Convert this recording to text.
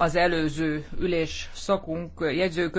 az előző ülés szakunk jegyzőkönyvét